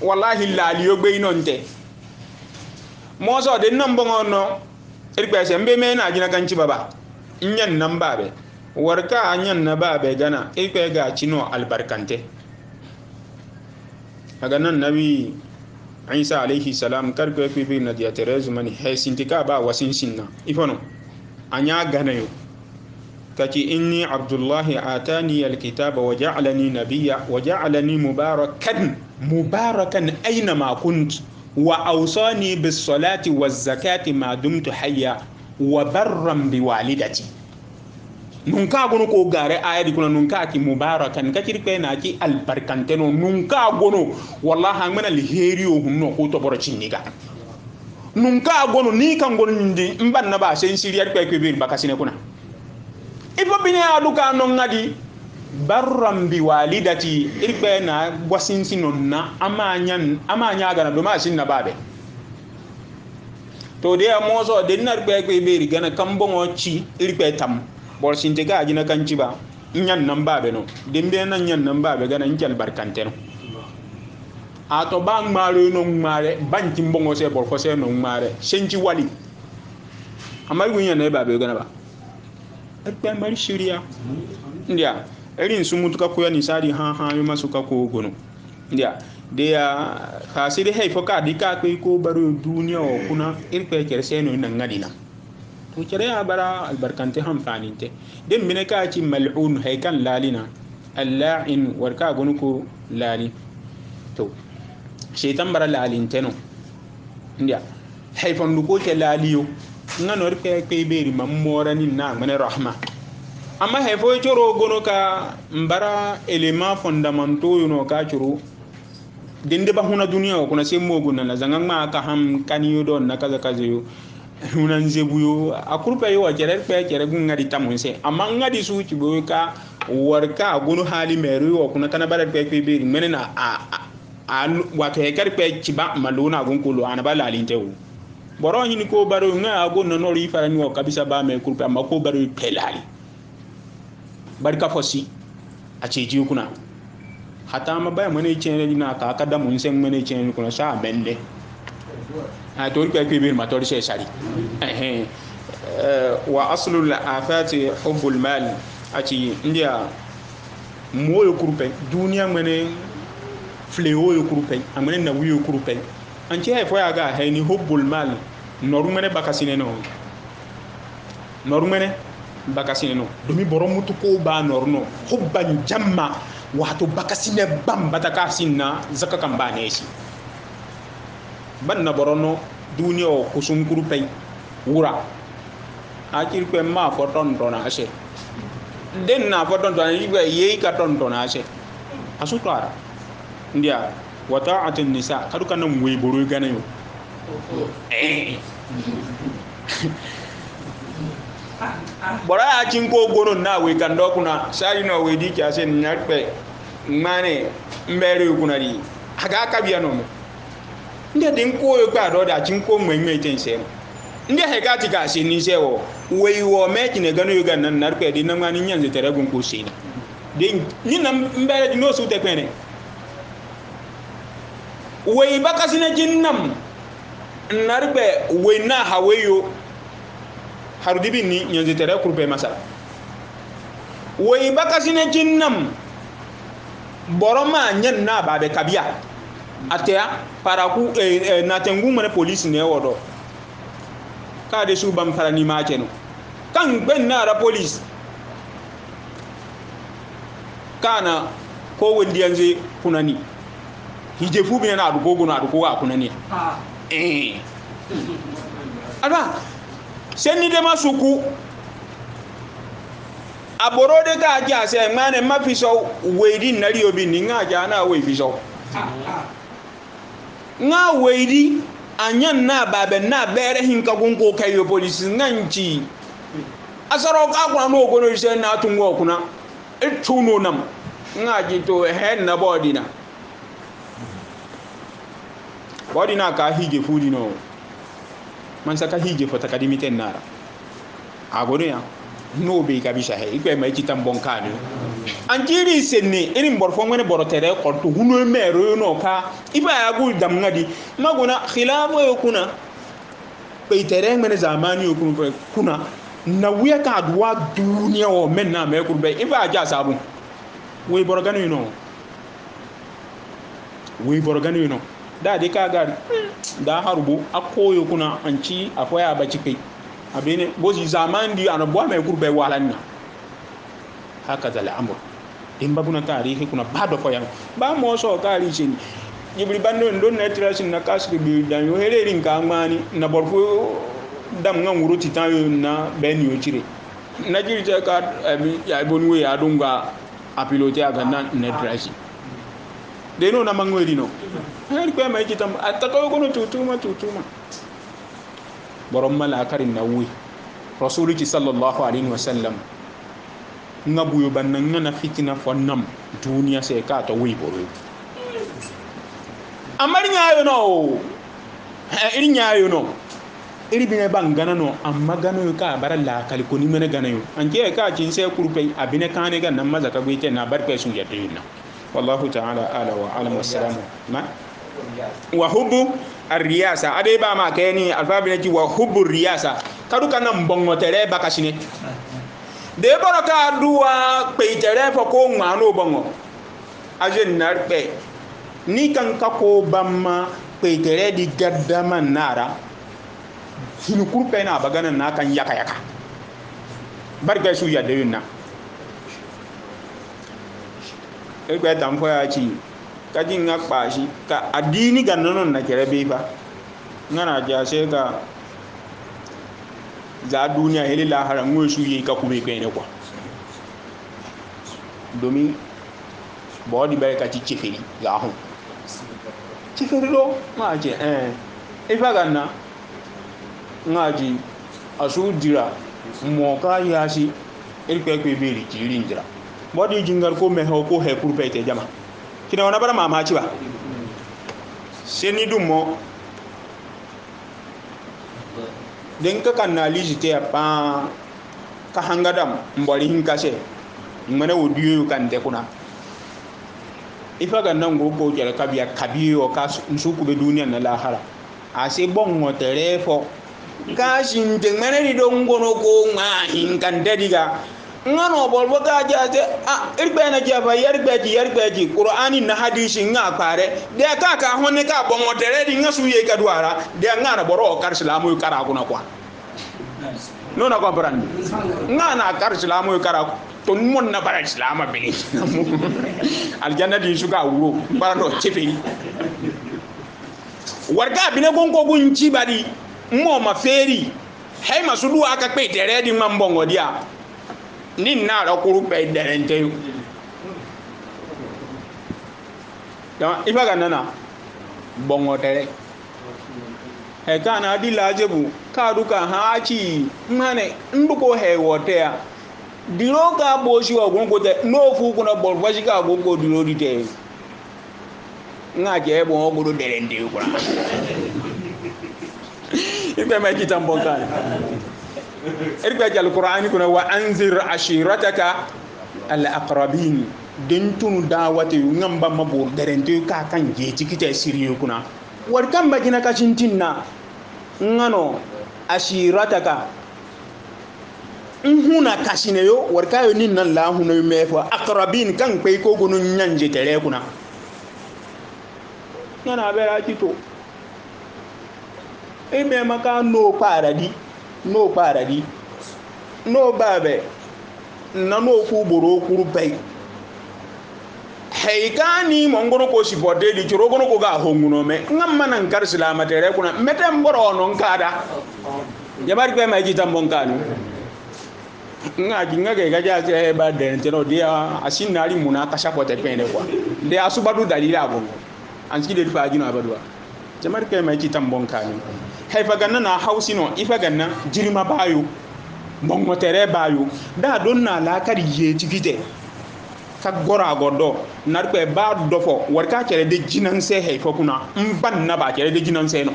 wallahi laali yo gbe inon te moso de nan bongo no irgbe se mbe me na jina kanci baba nyan nan babe warka nyan na babe gana irgbe ga cino albarkante aga nan nabi isa alayhi salam karko fi fi na dia terezu mani he sintika ba wasin sinna ifono anya gana yo kaci inni abdullahi atani alkitaba wa ja'alani nabiyya wa ja'alani mubarakan mubarakan aina ma kuntu وأوصاني بالصلاة والزكاة ما دمت حيا ma بوالدتي hayya wa barran bi walidati nun ka gono ko gare aya di kuna nun ka ki mubarakan ka kiri pe na ki albarkanteno nun gono wallahi mana alheri o hunno ko to boro cinniga nun gono ni kan gono ndi mban na ba sen siriyar pe pe bir bakasine kuna ibo bine aduka non ngadi barran bi walidati irbe na wasinsinon na amanyan amanya gana do masin na babe to de amozo de na irbe kwe be rigana kambo ngochi irbe tam bor sinte ga ajina kanci ba nyan nan babe no de mbe nan nyan nan babe gana njal barkante no a to ba ngmare no ngmare banki mbongo se bor ko se no ngmare senji wali amari gunya na babe gana ba irbe mari shiriya ndia irin su mutuka ko ya nisari han han yo ya de ya ka si de hay ko ko baro duniya o kuna ir ko ker seno nan ngadina to kere ya bara albarkante han faninte den mine ka ci mal'un hay kan lalina alla'in warka gono ko lali to shaitan bara lalinteno ya hay fandu ko ke laliyo ngano ir ko ke beri mammora nin na ngane rahma amma hay coro gono ka mbara élément fondamentaux yuno ka coro dende ba huna duniya o kuna sai mogu na zangan ma ka ham kaniyo don na kaza kaza yo huna nzebu yo akurpa yo ajere pe ajere gun ngadi tamun se amma ngadi su ci bo ka warka gono hali meru o kuna kana bara pe pe be menena a a wato he kar pe ci ba maluna gun kulu ana ba lalinte boro hin ko baro nga agon no ri farani o kabisa ba me kurpa amma ko baro pe barka fosi a ce ji kuna hata ma baya mane chen na ka ka da mun sen mane chen kuna sa bende a to ka ke bir ma to sai sari eh wa aslul afati hubbul mal a ce india moyo kurupe duniya mane flewo yo kurupe amane na wiyo kurupe an ce haifo ya ga haini hubbul mal norumene bakasine no norumene Bakasi bakasineno domi boro mutu ko ba norno hubban jamma wato ne bam bata na zaka kan ba ne shi banna borono duniya o kusum kurupai wura a kirkwe ma fo ton na ashe den na fo ton tona yigwe yeyi ka ton tona ashe asu klara ndia wa ta'atun nisa kadu kana mu we boro ganayo eh bora ya cin ko gono na we kan do kuna sai no we di kya na mane mbere kuna di aga ka biya no nde din ko yo gba do da cin ko mwe mwe tin sen nde he ka ti ka sen ni se wo we wo me ne gano yo gan na pe di na mani nyan tere gun ko din ni na mbere di no su te we ba ka narbe we na ha we yo harudibin ni yanzu tare kurbe masa wai baka sine jinnam boroma nyen na babe kabia atea paraku eh, eh, na tengu mane police ne wodo ka de su bam parani ma kenu kan ben na ra police kana ko wendi yanzu kunani hijefu bi na adugo gona adugo kunani ah eh alba sai ni dai masu ku a boro da ta ji a sai mane mafi sau waidin na riyobi ni nga ji ana wai fi sau nga waidi anyan na baben na bere hin ka gun ko kai yo polisi nan ci asaro ka kwa no gono sai na tun go kuna ituno nam nga ji to hen nnaba body ọdịna body na ka hige fudi no man saka hije fota kadi miten nara agono ya no be ga bi shahe igbe mai kitan bonkani an jiri senni irin borfo ngene borotere kortu hunu mero no ka iba ya gul dam ngadi maguna khilafo yokuna be tere ngene zamani yokuna kuna na wiya ka aduwa duniya wo men na mai kurbe iba ja sabu we borogani no we borogani no da dai ka gari da harbo a koyo kuna an ci akwai a baci kai abin bozi zaman di an buwa mai kurbai walan na haka zal amr in ba kuna tarihi kuna ba da koyan ba mo so kari shi jibri bando don na trasin na kasu bi dan yo hererin ka ngani na borfu dam ngan wuro titan yo na ben yo chire na jiri ka eh, ya bonwe ya dunga a pilote a ganna na lero oh, na mangwe lino alikuwa amaichita atakayo tutuma tutuma boromma la karin nawe rasuliki sallallahu alaihi wasallam nga buyo banna nga na fitina fonnam duniya se ka to wi boro amari nyaayo no eh, iri nyaayo no iri bine bangana no amma gano yo ka bara la kali ko ni mena gana yo anke ka cin se kurpe abine kane ga nan mazaka gwe na barke sun yadde na wallahu ta'ala ala wa alamu salamu na wa hubbu riyasa ade ba ma ke ni alfabi ne ji wa hubbu riyasa kadu kana mbongo tere bakashine de boro ka duwa pe tere fo ko nwa no bongo aje nar pe ni kan ka ko bamma pe tere di gaddama nara hinu kurpe na bagana na kan yaka yaka barga su ya de yunna kirkwai tamfo ya ci ka ka adini ga nunun na kere be fa ngana ja sai ka za duniya hili lahara ngwe su yi ka kube ne kwa domin body bai ka ci cifiri ga hun cifiri lo ma eh ifa e asu jira mo ka yashi e ri njira. waɗi jingal ko meho ko he pour peyte jama kina wona bara mamaci ba seni ɗum mo den ka kannaliji ke a pan ka hangadam mbori hinkase mene wo duyoyo kante kuna ifa ga nan goko jere kabiya kabiyo ka nsuku be duniya na lahara ase bongo terefo kashin te mene di dongono ko ma hinkante diga nga no bol bo ga ja ah, je a irbe na je ba yarbe ji yarbe ji qur'ani na hadisi nga pare de ka ka honne ka bo mo dere di nga su ye ka duara de nga na boro kar islamu kara kuna kwa no na ko brandi nga na kar islamu kara to mon na bara islama bini aljanna di su ka wuro bara do chefe warga bine gonko gun ci bari mo ma feri hay masu duwa aka pe dere di man dia ni ninnaara kurupɛi e dɛrɛnteyu jama ifa ka nana bɔngɔ tɛrɛ hɛ kana di laajebu kaadu ka haaci nhane nduko hɛ wɔtɛya diro ka boosi wa gonko tɛ n'o fu kuna bɔlfasi ka gonko diro di tɛ nga jɛ bɔngɔ golo dɛrɛnteyu kura i bɛ mɛ kita bɔnkan irgba jal qur'ani kuna wa anzir ashirataka al aqrabin den tunu dawate yu ngamba mabur derente ka kan je tikita siriyo kuna war kan bajina ka cintinna ngano ashirataka nhuna kasine yo war kayo nin nan la huna yo mefo aqrabin kan kai ko gunun nyanje tere kuna yana bera kito e maka no paradi n'o kpaara di n'o baabɛ na n'o k'u boro kuru bɛyi hei kaa nii mo ngono ko sibɔde di coro gono ko gaa honguno me nga mana nkari silama tere kuna mete mboro ono nkaada jabari kwe mai jita mbon kanu nga nga ke gaja ke eh, ba den teno dia asin nari muna kasha pote pende kwa de asubadu dalila bongo anski de pa ajino abadwa jabari kwe mai jita mbon kanu haifa ganna na hausi no ifa ganna jirma bayo mongotere bayo da don na lakari ye tigite ka gora godo narpe ba dofo warka kere de jinan se haifa kuna in ban na ba kere de jinan se no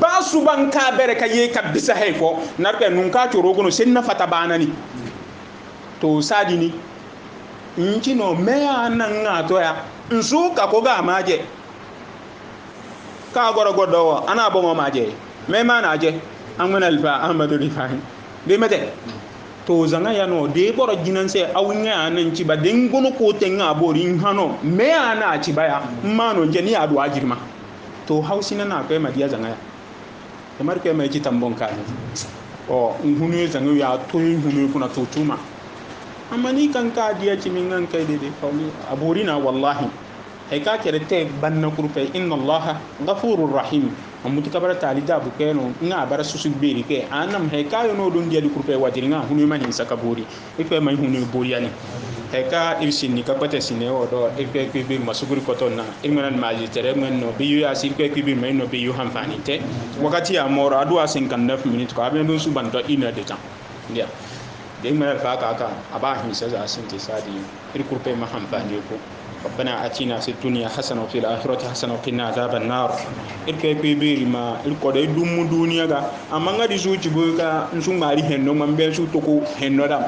ba su ban ka bere ka ye ka bisa haifo narpe nun ka coro gono sen na fata banani to sadini in kino meya nan ngato ya nsu ka ko ga maje ka goro godo ana bongo jɛ an mana je amana alfa ahmadu rifai de tɛ to zanga ya no de boro jinan se awunya anan ci ba den gono ko tenga bori hano me ana ci ba ya mano je ni adu ma to hausina na ma diya zanga ya kamar kai mai ci tambon ɔ o nhunu ya zanga ya e e e to nhunu kuna to tuma amma ni kan ka diya ci min kan kai de de a abori na wallahi heka kere te banna kurupe inna allaha ghafurur rahim amuti kabara tali da bu nga bara susu beri ke anam heka yo no don diali kurupe wajiri nga hunu mani sakabori ife mai hunu boriani heka irsin ni kapate sine o do ife kibi masuguri koton na irmanan maji tere men no biyu ya sin ke kibi mai no biyu hanfani te wakati ya moro adwa sin kan daf minute ko aben don suban do ina de tan ya de mara fa ka ka aba hin sa sa sin ti sadi irkurpe ma hanfani ko ربنا آتنا في الدنيا حسنة وفي الآخرة حسنة وقنا عذاب النار إلك كي بيري ما إلك ده دوم دنيا كا أما عندي سوتش بوكا نسوم ماري هنو مبين سوتوكو هنو دام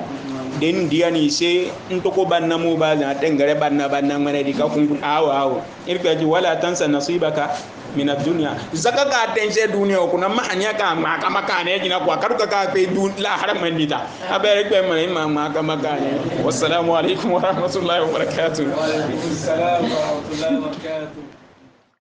den diya ni se n toko banna mo ba zan ten gare banna banna ngare di ka kun awo awo ir ka ji wala tansa nasibaka min ad-dunya zaka ka ten se dunya ko na mahanya ka ma ka maka ne jina ko ka ka ka pe dun la haram man dita abe pe man ma ma ka maka ne wassalamu alaikum wa rahmatullahi wa barakatuh wa alaikum assalam wa rahmatullahi wa barakatuh